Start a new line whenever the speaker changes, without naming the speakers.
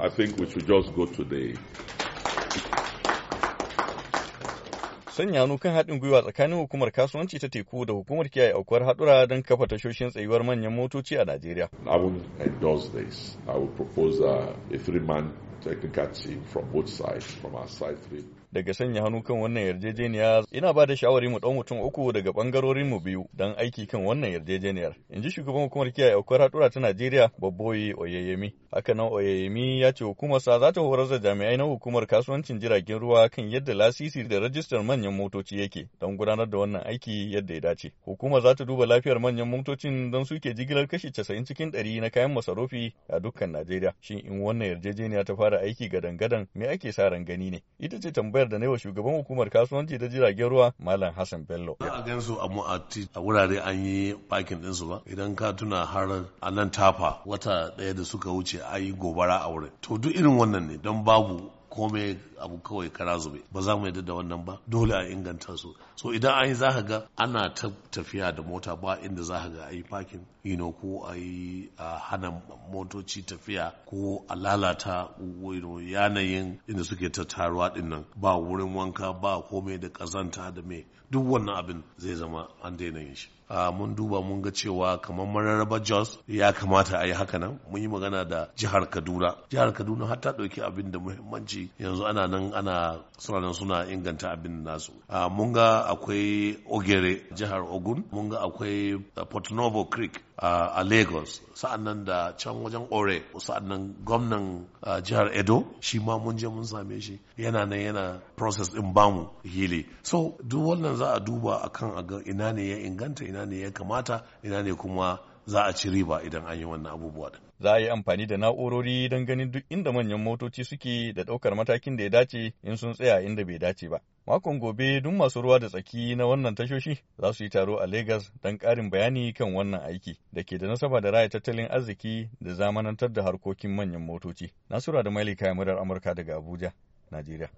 I think we should just go to the
sanya hannu kan haɗin gwiwa tsakanin hukumar kasuwanci ta teku da hukumar kiyaye aukuwar haɗura don kafa tashoshin tsayuwar manyan motoci a Najeriya.
I will endorse this. I will propose a, a three-man
Daga sanya hannu kan wannan yarjejeniya ina ba da shawari mu ɗan mutum uku daga ɓangarorin mu biyu dan aiki kan wannan yarjejeniyar. In ji shugaban hukumar kiyaye aukuwar haɗura ta Najeriya Babboyi Oyeyemi. nan Oyeyemi ya ce hukumarsa za ta horar da jami'ai na hukumar kasuwancin jiragen ruwa kan yadda lasisi da rajistar manyan motoci yake don gudanar da wannan aiki yadda ya dace. Hukumar za ta duba lafiyar manyan motocin don suke jigilar kashi 90% cikin ɗari na kayan masarufi a dukkan Najeriya. Shin in wannan yarjejeniya ta fara fara aiki gadan-gadan me ake sa ran gani ne ita ce tambayar da na wa shugaban hukumar kasuwanci ta jiragen ruwa malam hassan bello
a gan su a a wurare an yi pakin din su ba idan ka tuna har a nan tafa wata daya da suka wuce ayi gobara a wurin to duk irin wannan ne don babu komai abu kawai kara zube ba za mu yadda da wannan ba dole a inganta su so idan an yi za ga ana ta tafiya da mota ba inda za ga a yi pakin you ko a yi hana motoci tafiya ko a lalata yanayin inda suke tattaruwa din nan ba wurin wanka ba komai da kazanta da me duk wannan abin zai zama an daina yin shi Ah, mun duba mun ga cewa kamar mararraba jos ya kamata a yi haka nan mun yi magana da jihar kaduna jihar kaduna har ta ɗauki abin da muhimmanci yanzu ana nan ana suna nan suna inganta abin nasu ah, mun ga akwai ogere jihar ogun mun ga akwai ah, port novo creek a lagos sa'an nan da can wajen ore nan gwamnan jihar edo shi ma mun je mun same shi yana nan yana process din bamu hili so duk wannan za a duba akan a ga ina ne ya inganta ina ne ya kamata ina ne kuma za a ci riba idan an yi wannan abubuwa din.
Za a yi amfani da na'urori don ganin duk inda manyan motoci suke da ɗaukar matakin da ya dace in sun tsaya inda bai dace ba. Makon gobe duk masu ruwa da tsaki na wannan tashoshi za su yi taro a Legas don ƙarin bayani kan wannan aiki da ke da nasaba da raya tattalin arziki da zamanantar da harkokin manyan motoci. Nasura da Maili kayan murar Amurka daga Abuja, Najeriya.